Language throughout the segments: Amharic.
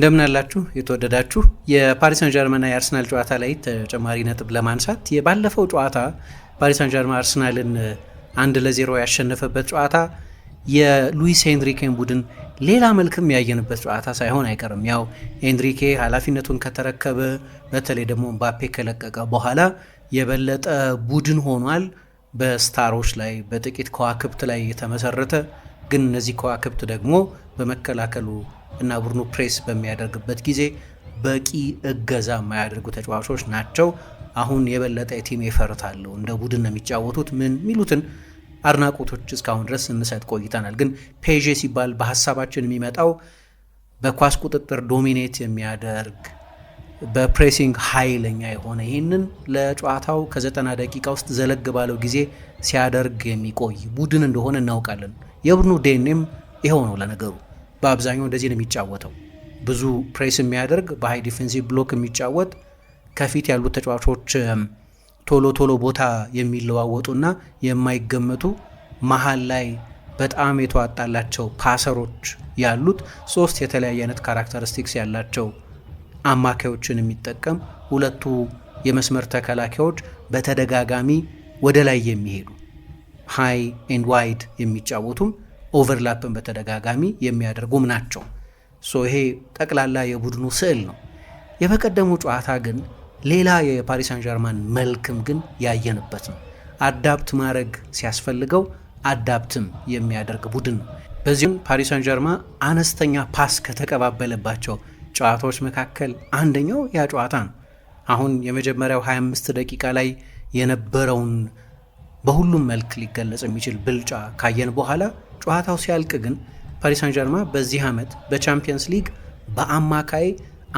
እንደምናላችሁ የተወደዳችሁ የፓሪስ ሳን ጀርመንና የአርሰናል ጨዋታ ላይ ተጨማሪ ነጥብ ለማንሳት የባለፈው ጨዋታ ፓሪስ ሳን ጀርመን አርሰናልን አንድ ለዜሮ ያሸነፈበት ጨዋታ የሉዊስ ሄንሪኬን ቡድን ሌላ መልክም ያየንበት ጨዋታ ሳይሆን አይቀርም። ያው ሄንሪኬ ኃላፊነቱን ከተረከበ በተለይ ደግሞ ምባፔ ከለቀቀ በኋላ የበለጠ ቡድን ሆኗል። በስታሮች ላይ በጥቂት ከዋክብት ላይ የተመሰረተ ግን እነዚህ ከዋክብት ደግሞ በመከላከሉ እና ቡድኑ ፕሬስ በሚያደርግበት ጊዜ በቂ እገዛ የማያደርጉ ተጫዋቾች ናቸው። አሁን የበለጠ ቲም ኤፈርት አለው፣ እንደ ቡድን ነው የሚጫወቱት ምን የሚሉትን አድናቆቶች እስካሁን ድረስ እንሰጥ ቆይተናል። ግን ፔዤ ሲባል በሀሳባችን የሚመጣው በኳስ ቁጥጥር ዶሚኔት የሚያደርግ በፕሬሲንግ ኃይለኛ የሆነ ይህንን ለጨዋታው ከዘጠና ደቂቃ ውስጥ ዘለግ ባለው ጊዜ ሲያደርግ የሚቆይ ቡድን እንደሆነ እናውቃለን። የቡድኑ ዴኔም ይኸው ነው ለነገሩ። በአብዛኛው እንደዚህ ነው የሚጫወተው። ብዙ ፕሬስ የሚያደርግ በሃይ ዲፌንሲቭ ብሎክ የሚጫወት ከፊት ያሉት ተጫዋቾች ቶሎ ቶሎ ቦታ የሚለዋወጡና የማይገመቱ መሀል ላይ በጣም የተዋጣላቸው ፓሰሮች ያሉት ሶስት የተለያየ አይነት ካራክተሪስቲክስ ያላቸው አማካዮችን የሚጠቀም ሁለቱ የመስመር ተከላካዮች በተደጋጋሚ ወደ ላይ የሚሄዱ ሃይ ኤንድ ዋይድ የሚጫወቱም ኦቨርላፕን በተደጋጋሚ የሚያደርጉም ናቸው። ሶ ይሄ ጠቅላላ የቡድኑ ስዕል ነው። የበቀደሙ ጨዋታ ግን ሌላ የፓሪስ ሳን ጀርማን መልክም ግን ያየንበት ነው። አዳፕት ማድረግ ሲያስፈልገው አዳፕትም የሚያደርግ ቡድን ነው። በዚሁም ፓሪስ ሳን ጀርማ አነስተኛ ፓስ ከተቀባበለባቸው ጨዋታዎች መካከል አንደኛው ያ ጨዋታ ነው። አሁን የመጀመሪያው 25 ደቂቃ ላይ የነበረውን በሁሉም መልክ ሊገለጽ የሚችል ብልጫ ካየን በኋላ ጨዋታው ሲያልቅ ግን ፓሪስ ሳን ጀርማ በዚህ ዓመት በቻምፒየንስ ሊግ በአማካይ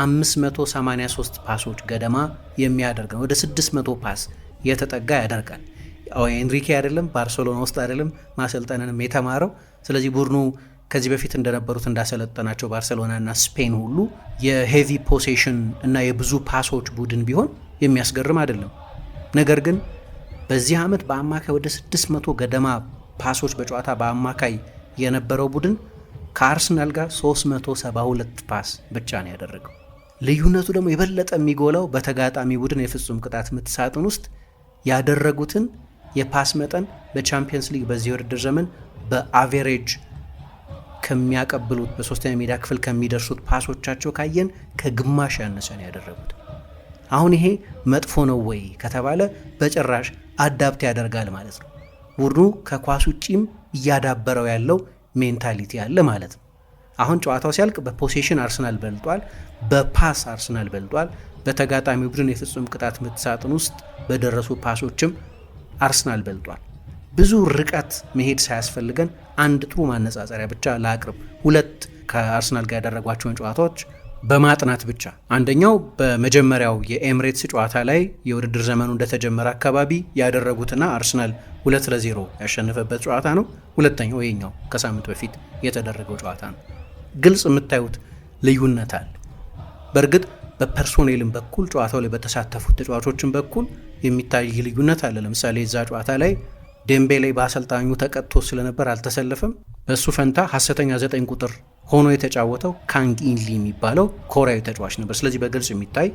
583 ፓሶች ገደማ የሚያደርግ ነው። ወደ 600 ፓስ የተጠጋ ያደርጋል። ኤንሪኬ አይደለም ባርሴሎና ውስጥ አይደለም ማሰልጠንንም የተማረው። ስለዚህ ቡድኑ ከዚህ በፊት እንደነበሩት እንዳሰለጠናቸው ባርሴሎና እና ስፔን ሁሉ የሄቪ ፖሴሽን እና የብዙ ፓሶች ቡድን ቢሆን የሚያስገርም አይደለም። ነገር ግን በዚህ ዓመት በአማካይ ወደ 600 ገደማ ፓሶች በጨዋታ በአማካይ የነበረው ቡድን ከአርሰናል ጋር 372 ፓስ ብቻ ነው ያደረገው። ልዩነቱ ደግሞ የበለጠ የሚጎላው በተጋጣሚ ቡድን የፍጹም ቅጣት ምት ሳጥን ውስጥ ያደረጉትን የፓስ መጠን በቻምፒየንስ ሊግ በዚህ ውድድር ዘመን በአቬሬጅ ከሚያቀብሉት በሶስተኛ ሜዳ ክፍል ከሚደርሱት ፓሶቻቸው ካየን ከግማሽ ያነሰ ነው ያደረጉት። አሁን ይሄ መጥፎ ነው ወይ ከተባለ በጭራሽ አዳብት ያደርጋል ማለት ነው። ቡድኑ ከኳስ ውጪም እያዳበረው ያለው ሜንታሊቲ አለ ማለት ነው። አሁን ጨዋታው ሲያልቅ በፖሴሽን አርሰናል በልጧል፣ በፓስ አርሰናል በልጧል። በተጋጣሚ ቡድን የፍጹም ቅጣት ምት ሳጥን ውስጥ በደረሱ ፓሶችም አርሰናል በልጧል። ብዙ ርቀት መሄድ ሳያስፈልገን አንድ ጥሩ ማነጻጸሪያ ብቻ ላቅርብ። ሁለት ከአርሰናል ጋር ያደረጓቸውን ጨዋታዎች በማጥናት ብቻ አንደኛው በመጀመሪያው የኤምሬትስ ጨዋታ ላይ የውድድር ዘመኑ እንደተጀመረ አካባቢ ያደረጉትና አርሰናል ሁለት ለዜሮ ያሸነፈበት ጨዋታ ነው። ሁለተኛው ይሄኛው ከሳምንት በፊት የተደረገው ጨዋታ ነው። ግልጽ የምታዩት ልዩነት አለ። በእርግጥ በፐርሶኔልም በኩል ጨዋታው ላይ በተሳተፉት ተጫዋቾችን በኩል የሚታይ ልዩነት አለ። ለምሳሌ እዛ ጨዋታ ላይ ዴምቤ ላይ በአሰልጣኙ ተቀጥቶ ስለነበር አልተሰለፈም። በእሱ ፈንታ ሀሰተኛ ዘጠኝ ቁጥር ሆኖ የተጫወተው ካንግ ኢንሊ የሚባለው ኮሪያዊ ተጫዋች ነበር። ስለዚህ በግልጽ የሚታይ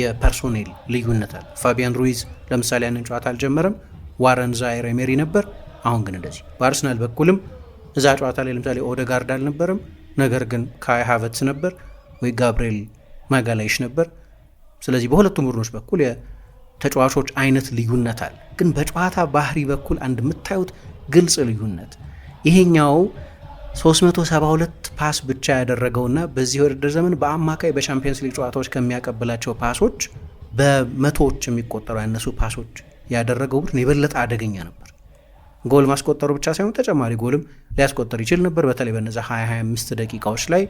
የፐርሶኔል ልዩነት አለ። ፋቢያን ሩይዝ ለምሳሌ ያንን ጨዋታ አልጀመረም። ዋረን ዛይር ሜሪ ነበር። አሁን ግን እንደዚህ በአርሰናል በኩልም እዛ ጨዋታ ላይ ለምሳሌ ኦደጋርድ አልነበረም። ነገር ግን ካይ ነበር ወይ ጋብርኤል ማጋላይሽ ነበር። ስለዚህ በሁለቱም ቡድኖች በኩል የተጫዋቾች አይነት ልዩነት አለ። ግን በጨዋታ ባህሪ በኩል አንድ የምታዩት ግልጽ ልዩነት ይሄኛው 372 ፓስ ብቻ ያደረገውና በዚህ ውድድር ዘመን በአማካይ በቻምፒየንስ ሊግ ጨዋታዎች ከሚያቀብላቸው ፓሶች በመቶዎች የሚቆጠሩ ያነሱ ፓሶች ያደረገው ቡድን የበለጠ አደገኛ ነበር። ጎል ማስቆጠሩ ብቻ ሳይሆን ተጨማሪ ጎልም ሊያስቆጠር ይችል ነበር። በተለይ በነዚ 25 ደቂቃዎች ላይ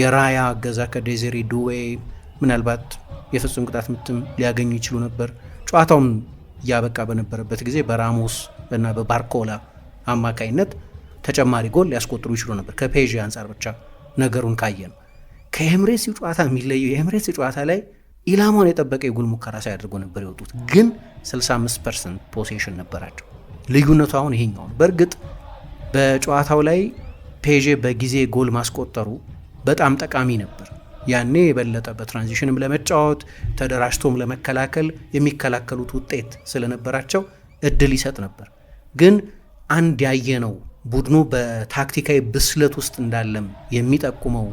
የራያ እገዛ ከዴዜሪ ዱዌ ምናልባት የፍጹም ቅጣት ምትም ሊያገኙ ይችሉ ነበር። ጨዋታውም እያበቃ በነበረበት ጊዜ በራሞስ እና በባርኮላ አማካይነት ተጨማሪ ጎል ሊያስቆጥሩ ይችሉ ነበር። ከፔዥ አንጻር ብቻ ነገሩን ካየ ነው። ከኤምሬትስ ጨዋታ የሚለየው የኤምሬትስ ጨዋታ ላይ ኢላማውን የጠበቀ የጎል ሙከራ ሳያደርጉ ነበር የወጡት፣ ግን 65 ፐርሰንት ፖሴሽን ነበራቸው። ልዩነቱ አሁን ይሄኛው ነው። በእርግጥ በጨዋታው ላይ ፔዤ በጊዜ ጎል ማስቆጠሩ በጣም ጠቃሚ ነበር። ያኔ የበለጠ በትራንዚሽንም ለመጫወት ተደራጅቶም ለመከላከል የሚከላከሉት ውጤት ስለነበራቸው እድል ይሰጥ ነበር ግን አንድ ያየ ነው ቡድኑ በታክቲካዊ ብስለት ውስጥ እንዳለም የሚጠቁመው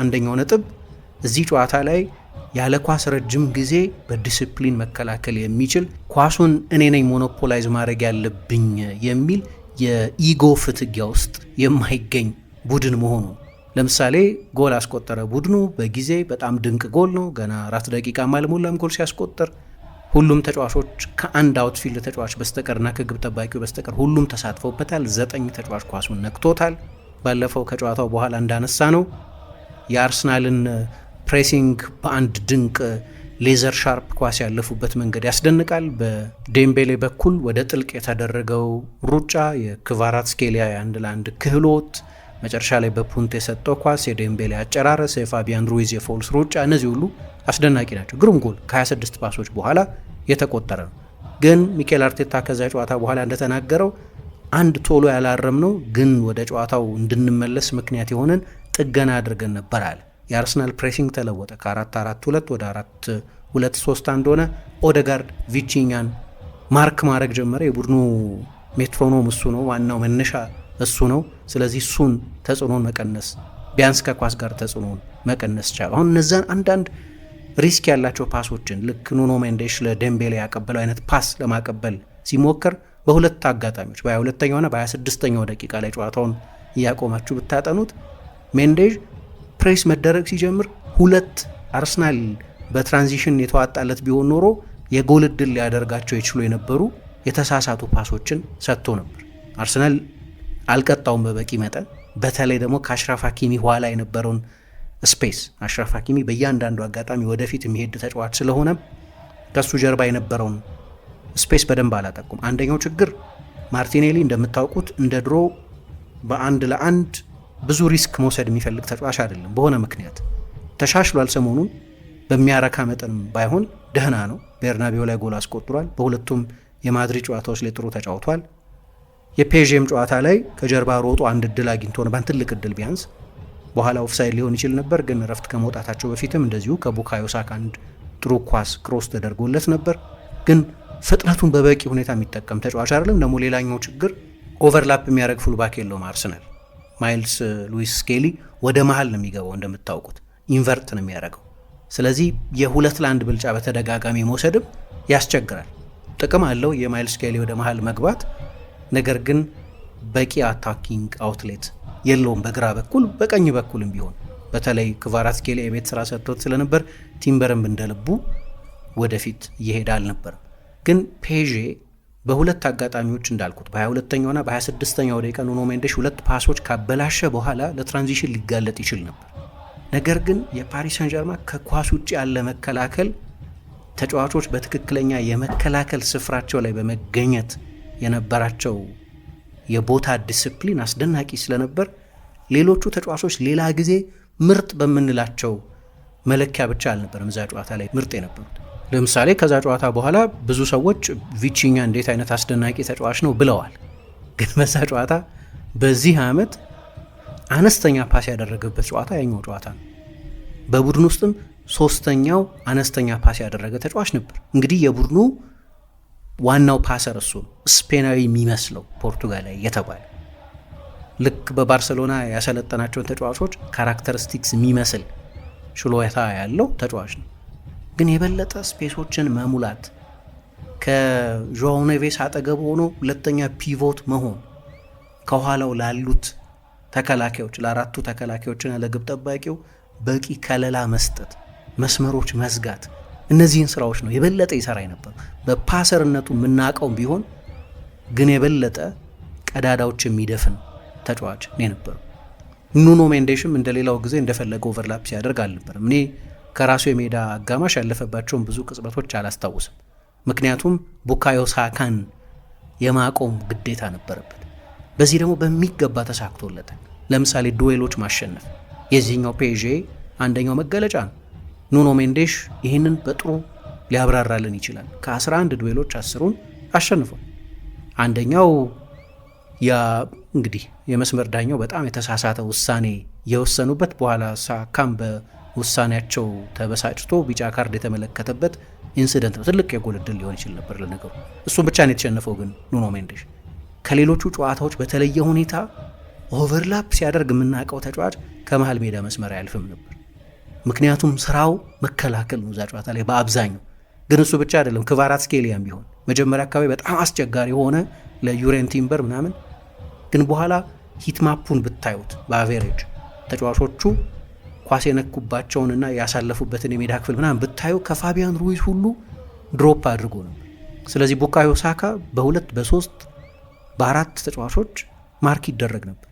አንደኛው ነጥብ እዚህ ጨዋታ ላይ ያለ ኳስ ረጅም ጊዜ በዲስፕሊን መከላከል የሚችል ኳሱን እኔ ነኝ ሞኖፖላይዝ ማድረግ ያለብኝ የሚል የኢጎ ፍትጊያ ውስጥ የማይገኝ ቡድን መሆኑ። ለምሳሌ ጎል አስቆጠረ ቡድኑ በጊዜ በጣም ድንቅ ጎል ነው። ገና አራት ደቂቃ አልሞላም ጎል ሲያስቆጠር ሁሉም ተጫዋቾች ከአንድ አውትፊልድ ተጫዋች በስተቀርና ከግብ ጠባቂው በስተቀር ሁሉም ተሳትፈውበታል። ዘጠኝ ተጫዋች ኳሱን ነክቶታል። ባለፈው ከጨዋታው በኋላ እንዳነሳ ነው የአርሰናልን ፕሬሲንግ በአንድ ድንቅ ሌዘር ሻርፕ ኳስ ያለፉበት መንገድ ያስደንቃል። በዴምቤሌ በኩል ወደ ጥልቅ የተደረገው ሩጫ፣ የክቫራት ስኬሊያ የአንድ ለአንድ ክህሎት መጨረሻ ላይ በፑንት የሰጠው ኳስ፣ የዴምቤሌ አጨራረስ፣ የፋቢያን ሩይዝ የፎልስ ሩጫ፣ እነዚህ ሁሉ አስደናቂ ናቸው። ግሩም ጎል ከ26 ፓሶች በኋላ የተቆጠረ ነው። ግን ሚኬል አርቴታ ከዛ ጨዋታ በኋላ እንደተናገረው አንድ ቶሎ ያላረም ነው ግን ወደ ጨዋታው እንድንመለስ ምክንያት የሆነን ጥገና አድርገን ነበር አለ። የአርሰናል ፕሬሲንግ ተለወጠ። ከአራት አራት ሁለት ወደ አራት ሁለት ሶስት አንድ ሆነ። ኦደጋርድ ቪቺኛን ማርክ ማድረግ ጀመረ። የቡድኑ ሜትሮኖም እሱ ነው፣ ዋናው መነሻ እሱ ነው። ስለዚህ እሱን ተጽዕኖን መቀነስ ቢያንስ ከኳስ ጋር ተጽዕኖን መቀነስ ቻሉ። አሁን እነዛን አንዳንድ ሪስክ ያላቸው ፓሶችን ልክ ኑኖ ሜንዴሽ ለደምቤሌ ያቀበለው አይነት ፓስ ለማቀበል ሲሞክር በሁለት አጋጣሚዎች በ22ኛውና በ26ኛው ደቂቃ ላይ ጨዋታውን እያቆማችሁ ብታጠኑት ሜንዴዥ ፕሬስ መደረግ ሲጀምር ሁለት አርሰናል በትራንዚሽን የተዋጣለት ቢሆን ኖሮ የጎል እድል ሊያደርጋቸው ይችሉ የነበሩ የተሳሳቱ ፓሶችን ሰጥቶ ነበር አርሰናል አልቀጣውም በበቂ መጠን። በተለይ ደግሞ ከአሽራፍ ሀኪሚ ኋላ የነበረውን ስፔስ አሽራፍ ሀኪሚ በእያንዳንዱ አጋጣሚ ወደፊት የሚሄድ ተጫዋች ስለሆነ ከሱ ጀርባ የነበረውን ስፔስ በደንብ አላጠቁም። አንደኛው ችግር ማርቲኔሊ እንደምታውቁት እንደ ድሮ በአንድ ለአንድ ብዙ ሪስክ መውሰድ የሚፈልግ ተጫዋች አይደለም። በሆነ ምክንያት ተሻሽሏል። ሰሞኑን በሚያረካ መጠን ባይሆን ደህና ነው። ቤርናቤው ላይ ጎል አስቆጥሯል። በሁለቱም የማድሪድ ጨዋታዎች ላይ ጥሩ ተጫውቷል። የፔዥም ጨዋታ ላይ ከጀርባ ሮጦ አንድ እድል አግኝቶ ነበር፣ ትልቅ እድል ቢያንስ በኋላ ኦፍሳይድ ሊሆን ይችል ነበር፣ ግን እረፍት ከመውጣታቸው በፊትም እንደዚሁ ከቡካዮ ሳካ አንድ ጥሩ ኳስ ክሮስ ተደርጎለት ነበር። ግን ፍጥነቱን በበቂ ሁኔታ የሚጠቀም ተጫዋች አይደለም። ደግሞ ሌላኛው ችግር ኦቨርላፕ የሚያደርግ ፉልባክ የለውም አርሰናል። ማይልስ ሉዊስ ስኬሊ ወደ መሀል ነው የሚገባው እንደምታውቁት፣ ኢንቨርት ነው የሚያደርገው። ስለዚህ የሁለት ለአንድ ብልጫ በተደጋጋሚ መውሰድም ያስቸግራል። ጥቅም አለው የማይልስ ስኬሊ ወደ መሀል መግባት ነገር ግን በቂ አታኪንግ አውትሌት የለውም በግራ በኩል በቀኝ በኩልም ቢሆን በተለይ ክቫራትስኬሊያ የቤት ስራ ሰጥቶት ስለነበር ቲምበርም እንደልቡ ወደፊት እየሄደ አልነበርም። ግን ፔዤ በሁለት አጋጣሚዎች እንዳልኩት በ22ኛውና በ26ኛው ደቂቃ ኑኖ ሜንዴሽ ሁለት ፓሶች ካበላሸ በኋላ ለትራንዚሽን ሊጋለጥ ይችል ነበር። ነገር ግን የፓሪስ ጀርማ ከኳስ ውጭ ያለ መከላከል ተጫዋቾች በትክክለኛ የመከላከል ስፍራቸው ላይ በመገኘት የነበራቸው የቦታ ዲስፕሊን አስደናቂ ስለነበር ሌሎቹ ተጫዋቾች ሌላ ጊዜ ምርጥ በምንላቸው መለኪያ ብቻ አልነበረም እዛ ጨዋታ ላይ ምርጥ የነበሩት። ለምሳሌ ከዛ ጨዋታ በኋላ ብዙ ሰዎች ቪቺኛ እንዴት አይነት አስደናቂ ተጫዋች ነው ብለዋል። ግን በዛ ጨዋታ በዚህ ዓመት አነስተኛ ፓስ ያደረገበት ጨዋታ ያኛው ጨዋታ ነው። በቡድን ውስጥም ሶስተኛው አነስተኛ ፓስ ያደረገ ተጫዋች ነበር። እንግዲህ የቡድኑ ዋናው ፓሰር እሱ ነው። ስፔናዊ የሚመስለው ፖርቱጋላዊ የተባለ ልክ በባርሴሎና ያሰለጠናቸውን ተጫዋቾች ካራክተሪስቲክስ የሚመስል ችሎታ ያለው ተጫዋች ነው። ግን የበለጠ ስፔሶችን መሙላት ከዣኦ ኔቬስ አጠገብ ሆኖ ሁለተኛ ፒቮት መሆን ከኋላው ላሉት ተከላካዮች ለአራቱ ተከላካዮችና ለግብ ጠባቂው በቂ ከለላ መስጠት፣ መስመሮች መዝጋት እነዚህን ስራዎች ነው የበለጠ ይሰራ ነበር። በፓሰርነቱ የምናውቀውም ቢሆን ግን የበለጠ ቀዳዳዎች የሚደፍን ተጫዋች ነው የነበረው። ኑኖ ሜንዴሽም እንደሌላው ጊዜ እንደፈለገ ኦቨርላፕ ሲያደርግ አልነበርም። እኔ ከራሱ የሜዳ አጋማሽ ያለፈባቸውን ብዙ ቅጽበቶች አላስታውስም። ምክንያቱም ቡካዮ ሳካን የማቆም ግዴታ ነበረበት። በዚህ ደግሞ በሚገባ ተሳክቶለታል። ለምሳሌ ዱዌሎች ማሸነፍ የዚህኛው ፔዤ አንደኛው መገለጫ ነው። ኑኖ ሜንዴሽ ይህንን በጥሩ ሊያብራራልን ይችላል። ከ11 ድዌሎች አስሩን አሸንፏል። አንደኛው እንግዲህ የመስመር ዳኛው በጣም የተሳሳተ ውሳኔ የወሰኑበት በኋላ ሳካም በውሳኔያቸው ተበሳጭቶ ቢጫ ካርድ የተመለከተበት ኢንሲደንት ነው። ትልቅ የጎል ሊሆን ይችል ነበር ለነገሩ። እሱም ብቻ ነው የተሸነፈው። ግን ኑኖ ሜንዴሽ ከሌሎቹ ጨዋታዎች በተለየ ሁኔታ ኦቨርላፕ ሲያደርግ የምናውቀው ተጫዋች ከመሀል ሜዳ መስመር አያልፍም ነበር። ምክንያቱም ስራው መከላከል ነው እዛ ጨዋታ ላይ በአብዛኛው። ግን እሱ ብቻ አይደለም፣ ክቫራትስኬሊያም ቢሆን መጀመሪያ አካባቢ በጣም አስቸጋሪ ሆነ ለዩሬን ቲምበር ምናምን። ግን በኋላ ሂትማፑን ብታዩት በአቬሬጅ ተጫዋቾቹ ኳስ የነኩባቸውንና ያሳለፉበትን የሜዳ ክፍል ምናምን ብታዩ ከፋቢያን ሩይዝ ሁሉ ድሮፕ አድርጎ ነው። ስለዚህ ቡካዮ ሳካ በሁለት በሶስት በአራት ተጫዋቾች ማርክ ይደረግ ነበር።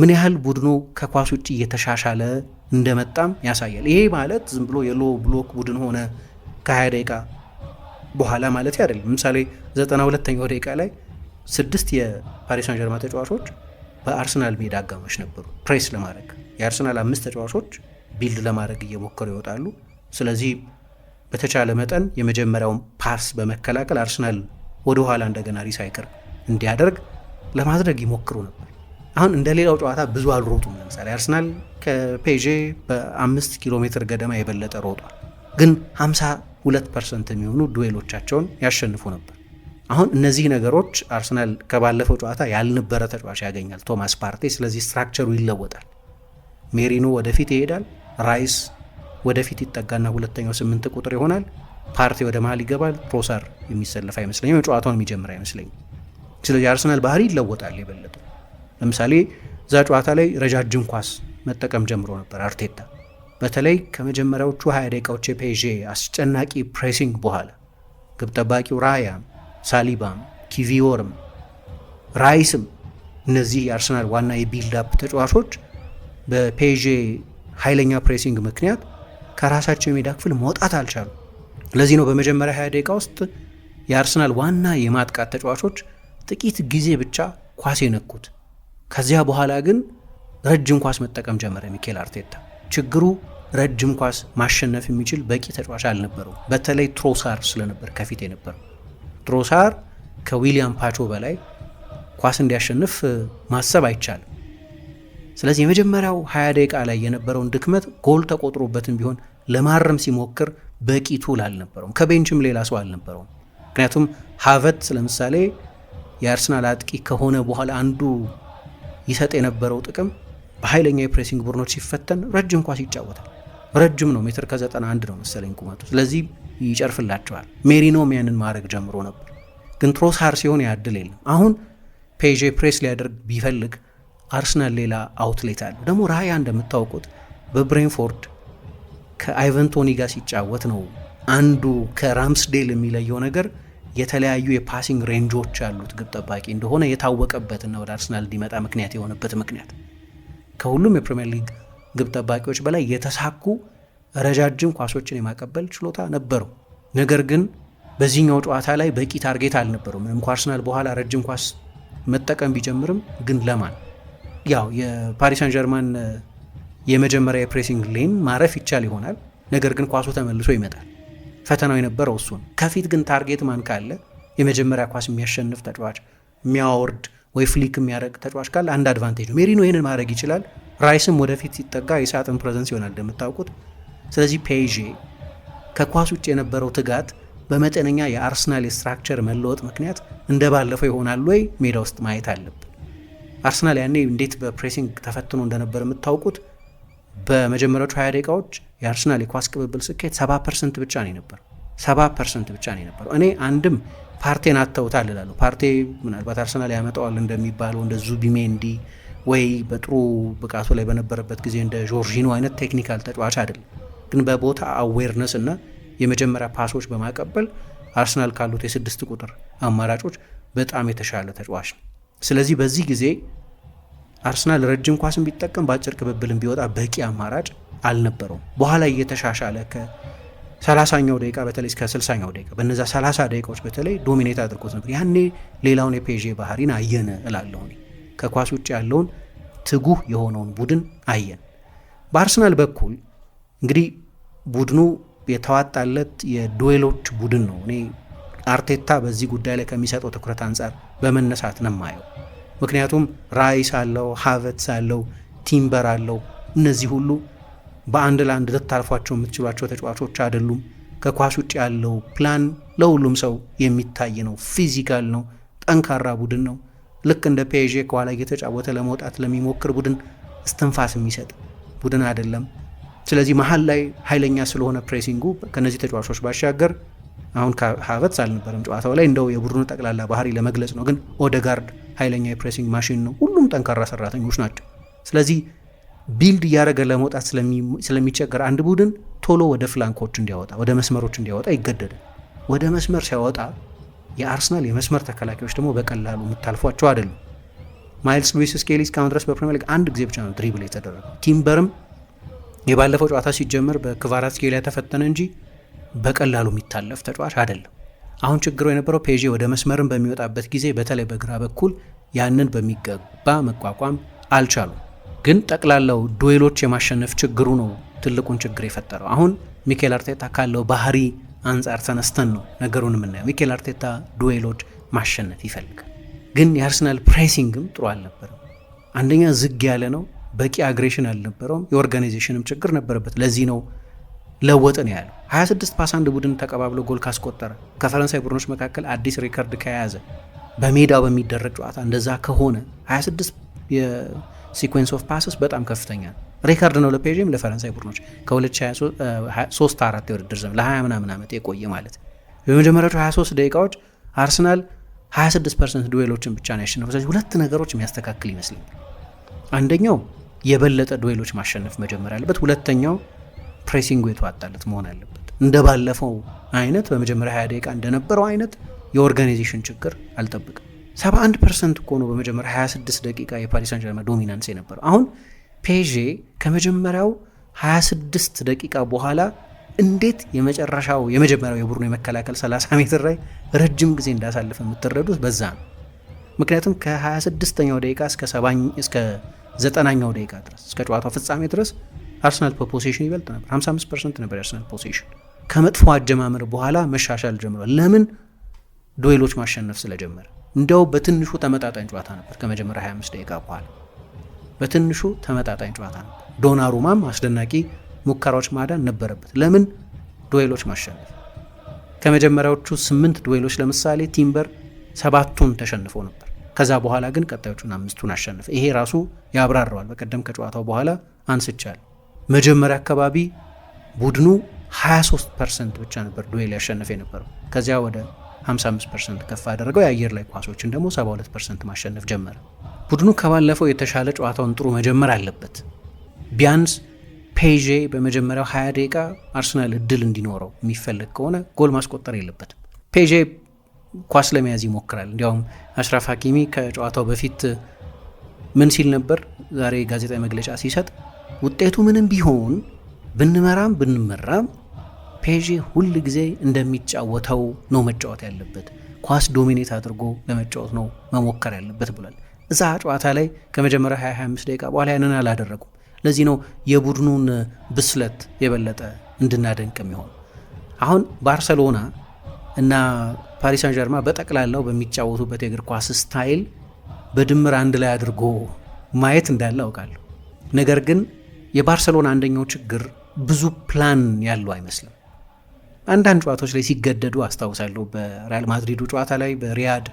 ምን ያህል ቡድኑ ከኳስ ውጭ እየተሻሻለ እንደመጣም ያሳያል። ይሄ ማለት ዝም ብሎ የሎ ብሎክ ቡድን ሆነ ከ20 ደቂቃ በኋላ ማለት አይደለም። ለምሳሌ 92ኛው ደቂቃ ላይ ስድስት የፓሪስ ሳን ጀርማ ተጫዋቾች በአርሰናል ሜዳ አጋማሽ ነበሩ ፕሬስ ለማድረግ የአርሰናል አምስት ተጫዋቾች ቢልድ ለማድረግ እየሞከሩ ይወጣሉ። ስለዚህ በተቻለ መጠን የመጀመሪያውን ፓስ በመከላከል አርሰናል ወደ ኋላ እንደገና ሪሳይክል እንዲያደርግ ለማድረግ ይሞክሩ ነበር። አሁን እንደ ሌላው ጨዋታ ብዙ አልሮጡም። ለምሳሌ አርሰናል ከፔዤ በአምስት ኪሎ ሜትር ገደማ የበለጠ ሮጧል፣ ግን 52 ፐርሰንት የሚሆኑ ዱዌሎቻቸውን ያሸንፉ ነበር። አሁን እነዚህ ነገሮች አርሰናል ከባለፈው ጨዋታ ያልነበረ ተጫዋች ያገኛል፣ ቶማስ ፓርቴ። ስለዚህ ስትራክቸሩ ይለወጣል። ሜሪኖ ወደፊት ይሄዳል፣ ራይስ ወደፊት ይጠጋና ሁለተኛው ስምንት ቁጥር ይሆናል። ፓርቴ ወደ መሀል ይገባል። ፕሮሰር የሚሰለፍ አይመስለኝም፣ ጨዋታውን የሚጀምር አይመስለኝም። ስለዚህ አርሰናል ባህሪ ይለወጣል የበለጠ ለምሳሌ እዛ ጨዋታ ላይ ረጃጅም ኳስ መጠቀም ጀምሮ ነበር አርቴታ በተለይ ከመጀመሪያዎቹ ሀያ ደቂቃዎች የፔዤ አስጨናቂ ፕሬሲንግ በኋላ ግብ ጠባቂው ራያም፣ ሳሊባም፣ ኪቪዮርም፣ ራይስም እነዚህ የአርሰናል ዋና የቢልዳፕ ተጫዋቾች በፔዤ ኃይለኛ ፕሬሲንግ ምክንያት ከራሳቸው የሜዳ ክፍል መውጣት አልቻሉ። ለዚህ ነው በመጀመሪያ ሀያ ደቂቃ ውስጥ የአርሰናል ዋና የማጥቃት ተጫዋቾች ጥቂት ጊዜ ብቻ ኳስ የነኩት። ከዚያ በኋላ ግን ረጅም ኳስ መጠቀም ጀመረ ሚኬል አርቴታ። ችግሩ ረጅም ኳስ ማሸነፍ የሚችል በቂ ተጫዋች አልነበረው። በተለይ ትሮሳር ስለነበር ከፊት የነበረው ትሮሳር ከዊሊያም ፓቾ በላይ ኳስ እንዲያሸንፍ ማሰብ አይቻልም። ስለዚህ የመጀመሪያው 20 ደቂቃ ላይ የነበረውን ድክመት ጎል ተቆጥሮበትም ቢሆን ለማረም ሲሞክር በቂ ቱል አልነበረውም። ከቤንችም ሌላ ሰው አልነበረውም። ምክንያቱም ሀቨት ለምሳሌ የአርሰናል አጥቂ ከሆነ በኋላ አንዱ ይሰጥ የነበረው ጥቅም በኃይለኛ የፕሬሲንግ ቡድኖች ሲፈተን ረጅም ኳስ ይጫወታል። ረጅም ነው፣ ሜትር ከ91 ነው መሰለኝ ቁመቱ። ስለዚህ ይጨርፍላቸዋል። ሜሪኖም ያንን ማድረግ ጀምሮ ነበር፣ ግን ትሮሳር ሲሆን ያድል የለም። አሁን ፔዤ ፕሬስ ሊያደርግ ቢፈልግ አርስናል ሌላ አውትሌት አለ። ደግሞ ራያ እንደምታውቁት በብሬንፎርድ ከአይቨንቶኒ ጋር ሲጫወት ነው አንዱ ከራምስዴል የሚለየው ነገር የተለያዩ የፓሲንግ ሬንጆች ያሉት ግብ ጠባቂ እንደሆነ የታወቀበትና ወደ አርሰናል እንዲመጣ ምክንያት የሆነበት ምክንያት ከሁሉም የፕሪምየር ሊግ ግብ ጠባቂዎች በላይ የተሳኩ ረጃጅም ኳሶችን የማቀበል ችሎታ ነበረው። ነገር ግን በዚህኛው ጨዋታ ላይ በቂ ታርጌት አልነበረው። ምንም ከአርሰናል በኋላ ረጅም ኳስ መጠቀም ቢጀምርም ግን ለማን ያው የፓሪስ ሳን ጀርማን የመጀመሪያ የፕሬሲንግ ሌን ማረፍ ይቻል ይሆናል። ነገር ግን ኳሱ ተመልሶ ይመጣል። ፈተናው የነበረው እሱ ነው። ከፊት ግን ታርጌት ማን ካለ የመጀመሪያ ኳስ የሚያሸንፍ ተጫዋች የሚያወርድ ወይ ፍሊክ የሚያደርግ ተጫዋች ካለ አንድ አድቫንቴጅ ነው። ሜሪኖ ይህንን ማድረግ ይችላል። ራይስም ወደፊት ሲጠጋ የሳጥን ፕሬዘንስ ይሆናል እንደምታውቁት። ስለዚህ ፔዤ ከኳስ ውጭ የነበረው ትጋት በመጠነኛ የአርሰናል የስትራክቸር መለወጥ ምክንያት እንደ ባለፈው ይሆናል ወይ ሜዳ ውስጥ ማየት አለብን። አርሰናል ያኔ እንዴት በፕሬሲንግ ተፈትኖ እንደነበር የምታውቁት በመጀመሪያዎቹ ሀያ ደቂቃዎች የአርሰናል የኳስ ቅብብል ስኬት ሰባ ፐርሰንት ብቻ ነው የነበረው። ሰባ ፐርሰንት ብቻ ነው የነበረው። እኔ አንድም ፓርቴን አተውታል እላለሁ። ፓርቴ ምናልባት አርሰናል ያመጣዋል እንደሚባለው እንደ ዙቢሜንዲ ወይ በጥሩ ብቃቱ ላይ በነበረበት ጊዜ እንደ ጆርጂኖ አይነት ቴክኒካል ተጫዋች አይደለም፣ ግን በቦታ አዌርነስ እና የመጀመሪያ ፓሶች በማቀበል አርሰናል ካሉት የስድስት ቁጥር አማራጮች በጣም የተሻለ ተጫዋች ነው። ስለዚህ በዚህ ጊዜ አርሰናል ረጅም ኳስን ቢጠቀም በአጭር ቅብብልን ቢወጣ በቂ አማራጭ አልነበረውም። በኋላ እየተሻሻለ ከሰላሳኛው ደቂቃ በተለይ እስከ ስልሳኛው ደቂቃ በነዛ ሰላሳ ደቂቃዎች በተለይ ዶሚኔት አድርጎት ነበር። ያኔ ሌላውን የፔዤ ባህሪን አየን እላለሁ። ከኳስ ውጭ ያለውን ትጉህ የሆነውን ቡድን አየን። በአርሰናል በኩል እንግዲህ ቡድኑ የተዋጣለት የዱዌሎች ቡድን ነው። እኔ አርቴታ በዚህ ጉዳይ ላይ ከሚሰጠው ትኩረት አንጻር በመነሳት ነው ማየው። ምክንያቱም ራይስ አለው፣ ሀቨትስ አለው፣ ቲምበር አለው። እነዚህ ሁሉ በአንድ ለአንድ ልታልፏቸው የምትችሏቸው ተጫዋቾች አይደሉም። ከኳስ ውጭ ያለው ፕላን ለሁሉም ሰው የሚታይ ነው። ፊዚካል ነው። ጠንካራ ቡድን ነው። ልክ እንደ ፔዤ ከኋላ እየተጫወተ ለመውጣት ለሚሞክር ቡድን እስትንፋስ የሚሰጥ ቡድን አይደለም። ስለዚህ መሀል ላይ ኃይለኛ ስለሆነ ፕሬሲንጉ ከነዚህ ተጫዋቾች ባሻገር አሁን ሀቨትስ አልነበረም ጨዋታው ላይ እንደው የቡድኑ ጠቅላላ ባህሪ ለመግለጽ ነው። ግን ኦደጋርድ ኃይለኛ የፕሬሲንግ ማሽን ነው። ሁሉም ጠንካራ ሰራተኞች ናቸው። ስለዚህ ቢልድ እያደረገ ለመውጣት ስለሚቸገር አንድ ቡድን ቶሎ ወደ ፍላንኮች እንዲያወጣ ወደ መስመሮች እንዲያወጣ ይገደዳል። ወደ መስመር ሲያወጣ የአርሰናል የመስመር ተከላካዮች ደግሞ በቀላሉ የምታልፏቸው አይደሉም። ማይልስ ሉዊስ ስኬሊ እስካሁን ድረስ በፕሪሚየር ሊግ አንድ ጊዜ ብቻ ነው ድሪብል የተደረገው። ቲምበርም የባለፈው ጨዋታ ሲጀምር በክቫራትስኬሊያ ተፈተነ እንጂ በቀላሉ የሚታለፍ ተጫዋች አይደለም። አሁን ችግሩ የነበረው ፔዤ ወደ መስመርን በሚወጣበት ጊዜ በተለይ በግራ በኩል ያንን በሚገባ መቋቋም አልቻሉም። ግን ጠቅላላው ዱዌሎች የማሸነፍ ችግሩ ነው ትልቁን ችግር የፈጠረው። አሁን ሚኬል አርቴታ ካለው ባህሪ አንጻር ተነስተን ነው ነገሩን የምናየው። ሚኬል አርቴታ ዱዌሎች ማሸነፍ ይፈልጋል። ግን የአርሰናል ፕሬሲንግም ጥሩ አልነበረም። አንደኛ ዝግ ያለ ነው፣ በቂ አግሬሽን አልነበረውም። የኦርጋናይዜሽንም ችግር ነበረበት። ለዚህ ነው ነው ያለው 26 ፓስ አንድ ቡድን ተቀባብሎ ጎል ካስቆጠረ ከፈረንሳይ ቡድኖች መካከል አዲስ ሪከርድ ከያዘ በሜዳው በሚደረግ ጨዋታ እንደዛ ከሆነ 26 የሲኩዌንስ ኦፍ ፓስስ በጣም ከፍተኛ ነው። ሪከርድ ነው ለፔዥም ለፈረንሳይ ቡድኖች ከ2023 4 የውድድር ዘመን ለ20 ምናምን ዓመት የቆየ ማለት በመጀመሪያዎቹ 23 ደቂቃዎች አርሰናል 26 ፐርሰንት ዱዌሎችን ብቻ ነው ያሸነፈው። ስለዚህ ሁለት ነገሮች የሚያስተካክል ይመስለኛል። አንደኛው የበለጠ ዱዌሎች ማሸነፍ መጀመር ያለበት፣ ሁለተኛው ፕሬሲንጉ የተዋጣለት መሆን አለበት። እንደ ባለፈው አይነት በመጀመሪያ 20 ደቂቃ እንደነበረው አይነት የኦርጋናይዜሽን ችግር አልጠብቅም። 71 ፐርሰንት እኮ ነው በመጀመሪያ 26 ደቂቃ የፓሪስ ሳን ጀርማ ዶሚናንስ የነበረው። አሁን ፔዤ ከመጀመሪያው 26 ደቂቃ በኋላ እንዴት የመጨረሻው የመጀመሪያው የቡድኑ የመከላከል 30 ሜትር ላይ ረጅም ጊዜ እንዳሳልፍ የምትረዱት በዛ ነው። ምክንያቱም ከ26ኛው ደቂቃ እስከ ዘጠናኛው ደቂቃ ድረስ እስከ ጨዋታው ፍጻሜ ድረስ አርሰናል በፖሴሽን ይበልጥ ነበር። 55 ፐርሰንት ነበር የአርሰናል ፖሴሽን። ከመጥፎ አጀማመር በኋላ መሻሻል ጀምሯል። ለምን? ዱዌሎች ማሸነፍ ስለጀመረ። እንደው በትንሹ ተመጣጣኝ ጨዋታ ነበር ከመጀመሪያ 25 ደቂቃ በኋላ በትንሹ ተመጣጣኝ ጨዋታ ነበር። ዶናሩማም አስደናቂ ሙከራዎች ማዳን ነበረበት። ለምን? ዱዌሎች ማሸነፍ። ከመጀመሪያዎቹ ስምንት ዱዌሎች ለምሳሌ ቲምበር ሰባቱን ተሸንፎ ነበር። ከዛ በኋላ ግን ቀጣዮቹን አምስቱን አሸነፈ። ይሄ ራሱ ያብራረዋል። በቀደም ከጨዋታው በኋላ አንስቻል መጀመሪያ አካባቢ ቡድኑ 23 ፐርሰንት ብቻ ነበር ዱዌል ያሸነፈ የነበረው። ከዚያ ወደ 55 ፐርሰንት ከፍ አደረገው። የአየር ላይ ኳሶችን ደግሞ 72 ፐርሰንት ማሸነፍ ጀመረ። ቡድኑ ከባለፈው የተሻለ ጨዋታውን ጥሩ መጀመር አለበት። ቢያንስ ፔዤ በመጀመሪያው 20 ደቂቃ አርሰናል እድል እንዲኖረው የሚፈለግ ከሆነ ጎል ማስቆጠር የለበትም። ፔዤ ኳስ ለመያዝ ይሞክራል። እንዲያውም አሽራፍ ሀኪሚ ከጨዋታው በፊት ምን ሲል ነበር? ዛሬ ጋዜጣዊ መግለጫ ሲሰጥ ውጤቱ ምንም ቢሆን ብንመራም ብንመራም ፔዥ ሁል ጊዜ እንደሚጫወተው ነው መጫወት ያለበት። ኳስ ዶሚኔት አድርጎ ለመጫወት ነው መሞከር ያለበት ብሏል። እዛ ጨዋታ ላይ ከመጀመሪያ 25 ደቂቃ በኋላ ያንን አላደረጉም። ለዚህ ነው የቡድኑን ብስለት የበለጠ እንድናደንቅ የሚሆን። አሁን ባርሰሎና እና ፓሪስ ሳን ጀርማ በጠቅላላው በሚጫወቱበት የእግር ኳስ ስታይል በድምር አንድ ላይ አድርጎ ማየት እንዳለ አውቃለሁ። ነገር ግን የባርሰሎና አንደኛው ችግር ብዙ ፕላን ያለው አይመስልም። አንዳንድ ጨዋታዎች ላይ ሲገደዱ አስታውሳለሁ። በሪያል ማድሪዱ ጨዋታ ላይ በሪያድ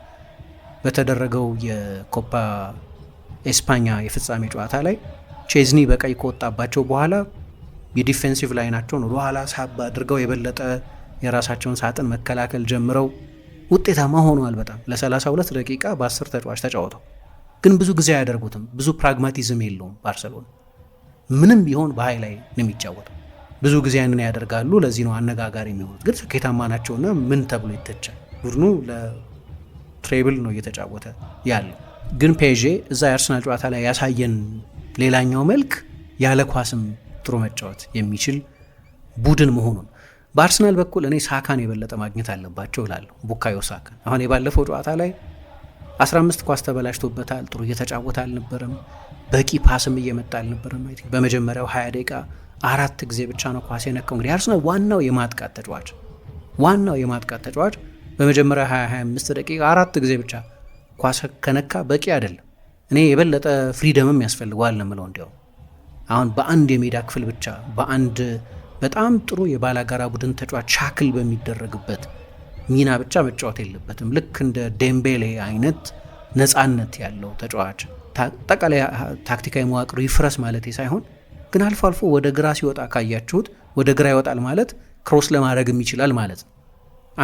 በተደረገው የኮፓ ኤስፓኛ የፍጻሜ ጨዋታ ላይ ቼዝኒ በቀይ ከወጣባቸው በኋላ የዲፌንሲቭ ላይናቸውን ወደኋላ ሳብ አድርገው የበለጠ የራሳቸውን ሳጥን መከላከል ጀምረው ውጤታማ ሆነዋል። በጣም ለ32 ደቂቃ በ10 ተጫዋች ተጫወተው፣ ግን ብዙ ጊዜ አያደርጉትም። ብዙ ፕራግማቲዝም የለውም ባርሰሎና ምንም ቢሆን በሀይ ላይ ነው የሚጫወተው። ብዙ ጊዜ ያንን ያደርጋሉ። ለዚህ ነው አነጋጋሪ የሚሆኑት። ግን ስኬታማ ናቸውና ምን ተብሎ ይተቻል? ቡድኑ ለትሬብል ነው እየተጫወተ ያለው። ግን ፔዤ እዛ የአርሰናል ጨዋታ ላይ ያሳየን ሌላኛው መልክ ያለ ኳስም ጥሩ መጫወት የሚችል ቡድን መሆኑን በአርሰናል በኩል እኔ ሳካን የበለጠ ማግኘት አለባቸው እላለሁ። ቡካዮ ሳካን አሁን የባለፈው ጨዋታ ላይ 15 ኳስ ተበላሽቶበታል። ጥሩ እየተጫወተ አልነበረም። በቂ ፓስም እየመጣ አልነበረም። በመጀመሪያው ሀያ ደቂቃ አራት ጊዜ ብቻ ነው ኳስ የነካው። እንግዲህ አርሰናል ዋናው የማጥቃት ተጫዋች ዋናው የማጥቃት ተጫዋች በመጀመሪያው 225 ደቂቃ አራት ጊዜ ብቻ ኳስ ከነካ በቂ አይደለም። እኔ የበለጠ ፍሪደምም ያስፈልገዋል ምለው እንዲያው አሁን በአንድ የሜዳ ክፍል ብቻ በአንድ በጣም ጥሩ የባላጋራ ቡድን ተጫዋች ሻክል በሚደረግበት ሚና ብቻ መጫወት የለበትም። ልክ እንደ ዴምቤሌ አይነት ነፃነት ያለው ተጫዋች አጠቃላይ ታክቲካዊ መዋቅሩ ይፍረስ ማለት ሳይሆን ግን አልፎ አልፎ ወደ ግራ ሲወጣ ካያችሁት ወደ ግራ ይወጣል ማለት ክሮስ ለማድረግም ይችላል ማለት ነው።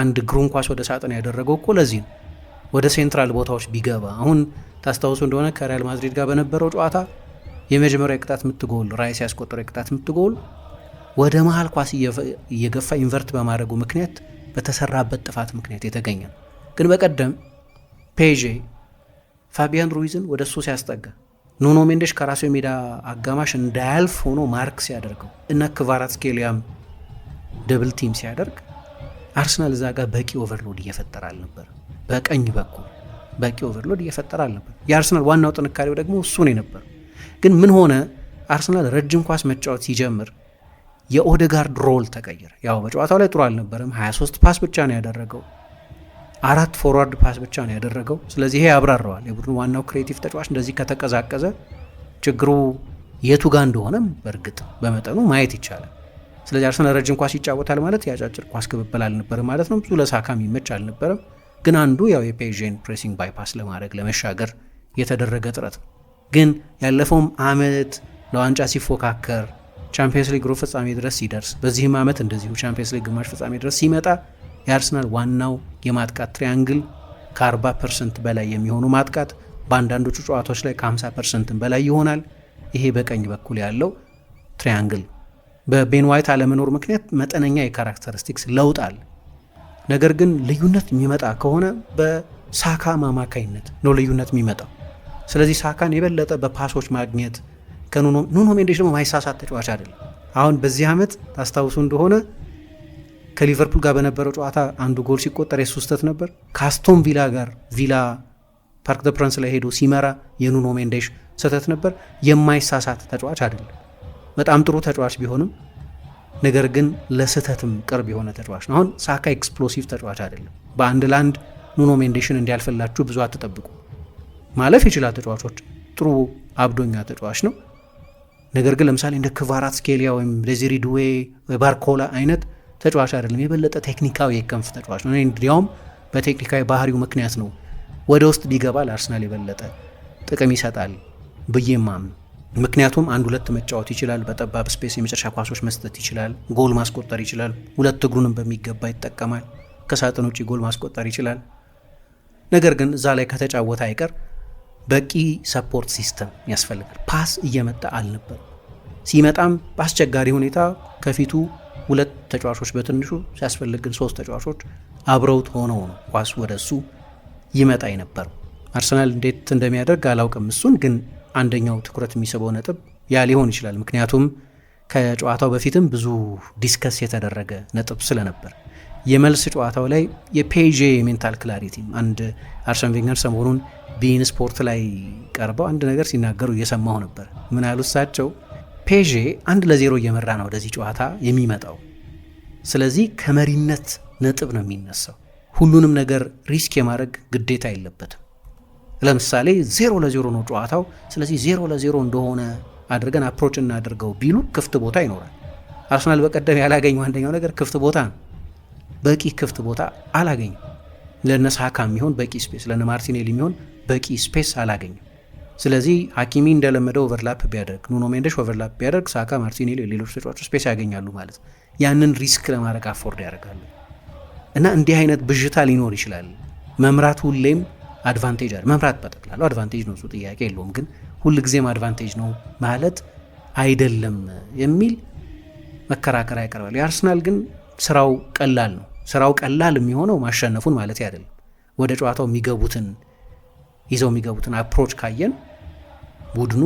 አንድ ግሩን ኳስ ወደ ሳጥን ያደረገው እኮ ለዚህ ነው። ወደ ሴንትራል ቦታዎች ቢገባ አሁን ታስታውሱ እንደሆነ ከሪያል ማድሪድ ጋር በነበረው ጨዋታ የመጀመሪያ የቅጣት ምትጎል ራይስ ያስቆጠረው የቅጣት ምትጎል ወደ መሀል ኳስ እየገፋ ኢንቨርት በማድረጉ ምክንያት በተሰራበት ጥፋት ምክንያት የተገኘ ነው። ግን በቀደም ፔዤ ፋቢያን ሩይዝን ወደ እሱ ሲያስጠጋ ኑኖ ሜንዴሽ ከራሴ ሜዳ አጋማሽ እንዳያልፍ ሆኖ ማርክ ሲያደርገው እና ክቫራትስኬሊያም ደብል ቲም ሲያደርግ አርሰናል እዛ ጋር በቂ ኦቨርሎድ እየፈጠረ አልነበር። በቀኝ በኩል በቂ ኦቨርሎድ እየፈጠረ አልነበር። የአርሰናል ዋናው ጥንካሬው ደግሞ እሱ ነው የነበረው። ግን ምን ሆነ? አርሰናል ረጅም ኳስ መጫወት ሲጀምር የኦደጋርድ ሮል ተቀየረ። ያው በጨዋታው ላይ ጥሩ አልነበረም። 23 ፓስ ብቻ ነው ያደረገው። አራት ፎርዋርድ ፓስ ብቻ ነው ያደረገው። ስለዚህ ይሄ ያብራረዋል የቡድኑ ዋናው ክሬቲቭ ተጫዋች እንደዚህ ከተቀዛቀዘ ችግሩ የቱ ጋር እንደሆነም በእርግጥ በመጠኑ ማየት ይቻላል። ስለዚህ አርሰናል ረጅም ኳስ ይጫወታል ማለት የአጫጭር ኳስ ክብብል አልነበረም ማለት ነው። ብዙ ለሳካ የሚመች አልነበረም። ግን አንዱ ያው የፔዥን ፕሬሲንግ ባይፓስ ለማድረግ ለመሻገር የተደረገ ጥረት ነው። ግን ያለፈውም አመት ለዋንጫ ሲፎካከር ቻምፒየንስ ሊግ ሩብ ፍጻሜ ድረስ ሲደርስ፣ በዚህም አመት እንደዚሁ ቻምፒየንስ ሊግ ግማሽ ፍጻሜ ድረስ ሲመጣ የአርሰናል ዋናው የማጥቃት ትሪያንግል ከ40 ፐርሰንት በላይ የሚሆኑ ማጥቃት በአንዳንዶቹ ጨዋታዎች ላይ ከ50 ፐርሰንት በላይ ይሆናል። ይሄ በቀኝ በኩል ያለው ትሪያንግል በቤን ዋይት አለመኖር ምክንያት መጠነኛ የካራክተሪስቲክስ ለውጥ አለ። ነገር ግን ልዩነት የሚመጣ ከሆነ በሳካ አማካኝነት ነው ልዩነት የሚመጣው። ስለዚህ ሳካን የበለጠ በፓሶች ማግኘት ከኑኖ ኑኖ ሜንዴሽ ደግሞ ማይሳሳት ተጫዋች አይደለም። አሁን በዚህ ዓመት ታስታውሱ እንደሆነ ከሊቨርፑል ጋር በነበረው ጨዋታ አንዱ ጎል ሲቆጠር የሱ ስህተት ነበር። ከአስቶን ቪላ ጋር ቪላ ፓርክ ደ ፕረንስ ላይ ሄዶ ሲመራ የኑኖ ሜንዴሽ ስህተት ነበር። የማይሳሳት ተጫዋች አይደለም። በጣም ጥሩ ተጫዋች ቢሆንም ነገር ግን ለስህተትም ቅርብ የሆነ ተጫዋች ነው። አሁን ሳካ ኤክስፕሎሲቭ ተጫዋች አይደለም። በአንድ ለአንድ ኑኖ ሜንዴሽን እንዲያልፈላችሁ ብዙ አትጠብቁ። ማለፍ ይችላል ተጫዋቾች፣ ጥሩ አብዶኛ ተጫዋች ነው። ነገር ግን ለምሳሌ እንደ ክቫራት ስኬሊያ ወይም ዴዚሪ ወይ ባርኮላ አይነት ተጫዋች አይደለም። የበለጠ ቴክኒካዊ የክንፍ ተጫዋች ነው። እንዲያውም በቴክኒካዊ ባህሪው ምክንያት ነው ወደ ውስጥ ቢገባ ለአርሰናል የበለጠ ጥቅም ይሰጣል ብዬማም። ምክንያቱም አንድ ሁለት መጫወት ይችላል፣ በጠባብ ስፔስ የመጨረሻ ኳሶች መስጠት ይችላል፣ ጎል ማስቆጠር ይችላል። ሁለት እግሩንም በሚገባ ይጠቀማል። ከሳጥን ውጭ ጎል ማስቆጠር ይችላል። ነገር ግን እዛ ላይ ከተጫወተ አይቀር በቂ ሰፖርት ሲስተም ያስፈልጋል። ፓስ እየመጣ አልነበር። ሲመጣም በአስቸጋሪ ሁኔታ ከፊቱ ሁለት ተጫዋቾች በትንሹ ሲያስፈልግ ግን ሶስት ተጫዋቾች አብረውት ሆነው ነው ኳስ ወደ እሱ ይመጣ የነበረው። አርሰናል እንዴት እንደሚያደርግ አላውቅም። እሱን ግን አንደኛው ትኩረት የሚስበው ነጥብ ያ ሊሆን ይችላል። ምክንያቱም ከጨዋታው በፊትም ብዙ ዲስከስ የተደረገ ነጥብ ስለነበር የመልስ ጨዋታው ላይ የፔዤ የሜንታል ክላሪቲ አንድ አርሰን ቬንገር ሰሞኑን ቢን ስፖርት ላይ ቀርበው አንድ ነገር ሲናገሩ እየሰማሁ ነበር። ምን ያሉት እሳቸው ፔዤ አንድ ለዜሮ እየመራ ነው ወደዚህ ጨዋታ የሚመጣው። ስለዚህ ከመሪነት ነጥብ ነው የሚነሳው። ሁሉንም ነገር ሪስክ የማድረግ ግዴታ የለበትም። ለምሳሌ ዜሮ ለዜሮ ነው ጨዋታው። ስለዚህ ዜሮ ለዜሮ እንደሆነ አድርገን አፕሮች እናደርገው ቢሉ ክፍት ቦታ ይኖራል። አርሰናል በቀደም ያላገኘው አንደኛው ነገር ክፍት ቦታ ነው። በቂ ክፍት ቦታ አላገኘም። ለነሳካ የሚሆን በቂ ስፔስ፣ ለነ የሚሆን በቂ ስፔስ አላገኘም። ስለዚህ ሀኪሚ እንደለመደው ኦቨርላፕ ቢያደርግ ኑኖ ሜንደሽ ኦቨርላፕ ቢያደርግ ሳካ፣ ማርቲኔሊ፣ ሌሎች ተጫዋቾች ስፔስ ያገኛሉ ማለት ነው። ያንን ሪስክ ለማድረግ አፎርድ ያደርጋሉ እና እንዲህ አይነት ብዥታ ሊኖር ይችላል። መምራት ሁሌም አድቫንቴጅ አለ። መምራት በጠቅላላው አድቫንቴጅ ነው፣ እሱ ጥያቄ የለውም። ግን ሁልጊዜም አድቫንቴጅ ነው ማለት አይደለም የሚል መከራከሪያ ያቀርባል። የአርሰናል ግን ስራው ቀላል ነው። ስራው ቀላል የሚሆነው ማሸነፉን ማለት አይደለም። ወደ ጨዋታው የሚገቡትን ይዘው የሚገቡትን አፕሮች ካየን ቡድኑ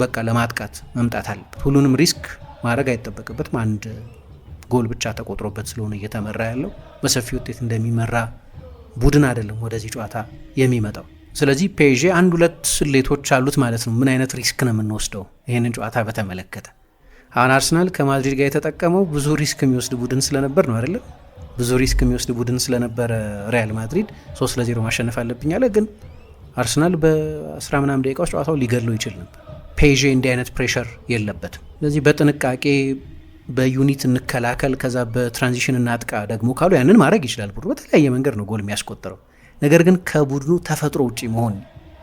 በቃ ለማጥቃት መምጣት አለበት። ሁሉንም ሪስክ ማድረግ አይጠበቅበትም። አንድ ጎል ብቻ ተቆጥሮበት ስለሆነ እየተመራ ያለው በሰፊ ውጤት እንደሚመራ ቡድን አይደለም ወደዚህ ጨዋታ የሚመጣው። ስለዚህ ፔዤ አንድ ሁለት ስሌቶች አሉት ማለት ነው። ምን አይነት ሪስክ ነው የምንወስደው ይህንን ጨዋታ በተመለከተ? አሁን አርሰናል ከማድሪድ ጋር የተጠቀመው ብዙ ሪስክ የሚወስድ ቡድን ስለነበር ነው አይደለም። ብዙ ሪስክ የሚወስድ ቡድን ስለነበረ ሪያል ማድሪድ ሶስት ለዜሮ ማሸነፍ አለብኝ አለ ግን አርሰናል በአስራ ምናም ደቂቃ ውስጥ ጨዋታው ሊገድለው ይችል ነበር። ፔዤ እንዲህ አይነት ፕሬሸር የለበትም። ስለዚህ በጥንቃቄ በዩኒት እንከላከል፣ ከዛ በትራንዚሽን እናጥቃ ደግሞ ካሉ ያንን ማድረግ ይችላል። ቡድኑ በተለያየ መንገድ ነው ጎል የሚያስቆጠረው። ነገር ግን ከቡድኑ ተፈጥሮ ውጪ መሆን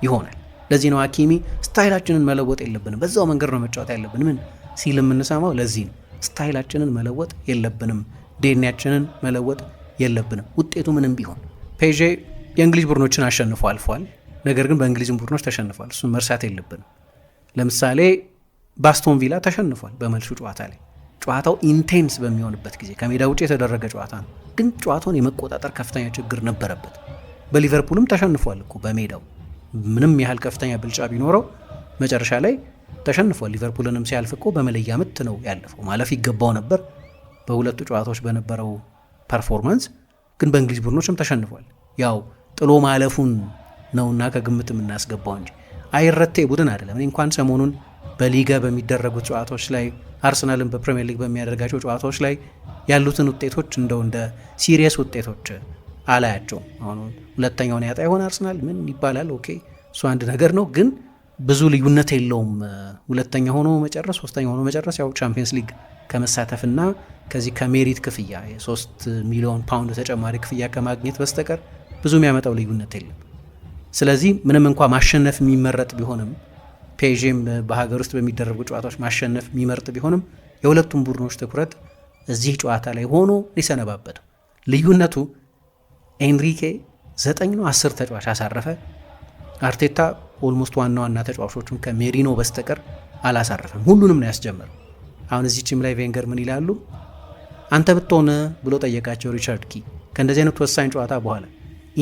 ይሆናል። ለዚህ ነው ሀኪሚ ስታይላችንን መለወጥ የለብንም በዛው መንገድ ነው መጫወት ያለብን ምን ሲል የምንሰማው። ለዚህ ነው ስታይላችንን መለወጥ የለብንም ዴኒያችንን መለወጥ የለብንም ውጤቱ ምንም ቢሆን። ፔዤ የእንግሊዝ ቡድኖችን አሸንፎ አልፏል። ነገር ግን በእንግሊዝም ቡድኖች ተሸንፏል። እሱን መርሳት የለብንም። ለምሳሌ ባስቶን ቪላ ተሸንፏል በመልሱ ጨዋታ ላይ ጨዋታው ኢንቴንስ በሚሆንበት ጊዜ ከሜዳ ውጭ የተደረገ ጨዋታ ነው፣ ግን ጨዋታውን የመቆጣጠር ከፍተኛ ችግር ነበረበት። በሊቨርፑልም ተሸንፏል እኮ በሜዳው ምንም ያህል ከፍተኛ ብልጫ ቢኖረው መጨረሻ ላይ ተሸንፏል። ሊቨርፑልንም ሲያልፍ እኮ በመለያ ምት ነው ያለፈው። ማለፍ ይገባው ነበር በሁለቱ ጨዋታዎች በነበረው ፐርፎርማንስ፣ ግን በእንግሊዝ ቡድኖችም ተሸንፏል። ያው ጥሎ ማለፉን ነውና ከግምት የምናስገባው እንጂ አይረቴ ቡድን አይደለም። እኔ እንኳን ሰሞኑን በሊጋ በሚደረጉት ጨዋታዎች ላይ አርሰናልን በፕሪምየር ሊግ በሚያደርጋቸው ጨዋታዎች ላይ ያሉትን ውጤቶች እንደው እንደ ሲሪየስ ውጤቶች አላያቸውም። አሁን ሁለተኛውን ያጣ የሆነ አርሰናል ምን ይባላል? ኦኬ እሱ አንድ ነገር ነው፣ ግን ብዙ ልዩነት የለውም። ሁለተኛ ሆኖ መጨረስ፣ ሶስተኛ ሆኖ መጨረስ ያው ቻምፒየንስ ሊግ ከመሳተፍና ከዚህ ከሜሪት ክፍያ የሶስት ሚሊዮን ፓውንድ ተጨማሪ ክፍያ ከማግኘት በስተቀር ብዙ የሚያመጣው ልዩነት የለም። ስለዚህ ምንም እንኳ ማሸነፍ የሚመረጥ ቢሆንም ፔዥም በሀገር ውስጥ በሚደረጉ ጨዋታዎች ማሸነፍ የሚመርጥ ቢሆንም የሁለቱም ቡድኖች ትኩረት እዚህ ጨዋታ ላይ ሆኖ ሊሰነባበት ልዩነቱ ኤንሪኬ ዘጠኝ ነው አስር ተጫዋች አሳረፈ። አርቴታ ኦልሞስት ዋና ዋና ተጫዋቾቹን ከሜሪኖ በስተቀር አላሳረፈም። ሁሉንም ነው ያስጀመረው። አሁን ችም ላይ ቬንገር ምን ይላሉ? አንተ ብትሆነ ብሎ ጠየቃቸው ሪቻርድ ኪ ከእንደዚህ አይነት ወሳኝ ጨዋታ በኋላ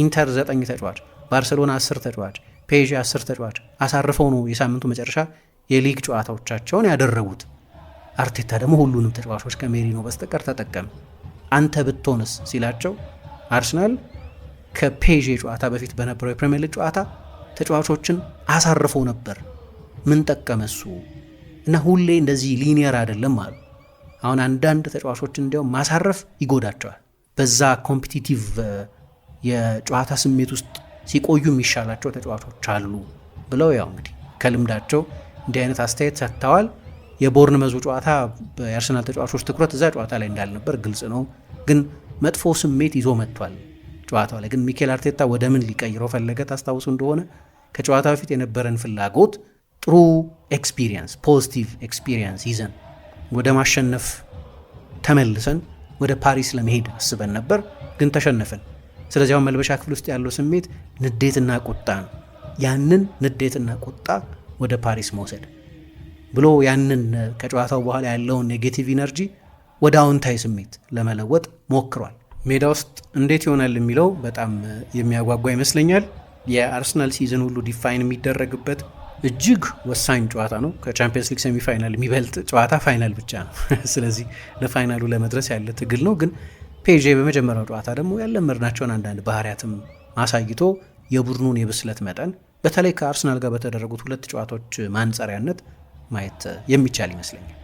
ኢንተር ዘጠኝ ተጫዋች ባርሴሎና አስር ተጫዋች ፔዥ አስር ተጫዋች አሳርፈው ነው የሳምንቱ መጨረሻ የሊግ ጨዋታዎቻቸውን ያደረጉት። አርቴታ ደግሞ ሁሉንም ተጫዋቾች ከሜሪኖ በስተቀር ተጠቀም አንተ ብትሆንስ ሲላቸው አርሰናል ከፔዥ ጨዋታ በፊት በነበረው የፕሪምየር ሊግ ጨዋታ ተጫዋቾችን አሳርፎ ነበር፣ ምን ጠቀመ እሱ? እና ሁሌ እንደዚህ ሊኒየር አይደለም አሉ። አሁን አንዳንድ ተጫዋቾችን እንዲያውም ማሳረፍ ይጎዳቸዋል። በዛ ኮምፒቲቲቭ የጨዋታ ስሜት ውስጥ ሲቆዩ የሚሻላቸው ተጫዋቾች አሉ ብለው ያው እንግዲህ ከልምዳቸው እንዲህ አይነት አስተያየት ሰጥተዋል። የቦርን መዙ ጨዋታ የአርሰናል ተጫዋቾች ትኩረት እዛ ጨዋታ ላይ እንዳልነበር ግልጽ ነው። ግን መጥፎ ስሜት ይዞ መጥቷል ጨዋታው ላይ ግን ሚኬል አርቴታ ወደ ምን ሊቀይረው ፈለገ? ታስታውሱ እንደሆነ ከጨዋታ በፊት የነበረን ፍላጎት ጥሩ ኤክስፒሪየንስ፣ ፖዚቲቭ ኤክስፒሪየንስ ይዘን ወደ ማሸነፍ ተመልሰን ወደ ፓሪስ ለመሄድ አስበን ነበር፣ ግን ተሸነፈን። ስለዚህ አሁን መልበሻ ክፍል ውስጥ ያለው ስሜት ንዴትና ቁጣ ነው። ያንን ንዴትና ቁጣ ወደ ፓሪስ መውሰድ ብሎ ያንን ከጨዋታው በኋላ ያለውን ኔጌቲቭ ኢነርጂ ወደ አውንታዊ ስሜት ለመለወጥ ሞክሯል። ሜዳ ውስጥ እንዴት ይሆናል የሚለው በጣም የሚያጓጓ ይመስለኛል። የአርሰናል ሲዝን ሁሉ ዲፋይን የሚደረግበት እጅግ ወሳኝ ጨዋታ ነው። ከቻምፒየንስ ሊግ ሴሚፋይናል የሚበልጥ ጨዋታ ፋይናል ብቻ ነው። ስለዚህ ለፋይናሉ ለመድረስ ያለ ትግል ነው ግን ፔዤ በመጀመሪያው ጨዋታ ደግሞ ያለመድናቸውን አንዳንድ ባህሪያትም አሳይቶ የቡድኑን የብስለት መጠን በተለይ ከአርሰናል ጋር በተደረጉት ሁለት ጨዋታዎች ማንጸሪያነት ማየት የሚቻል ይመስለኛል።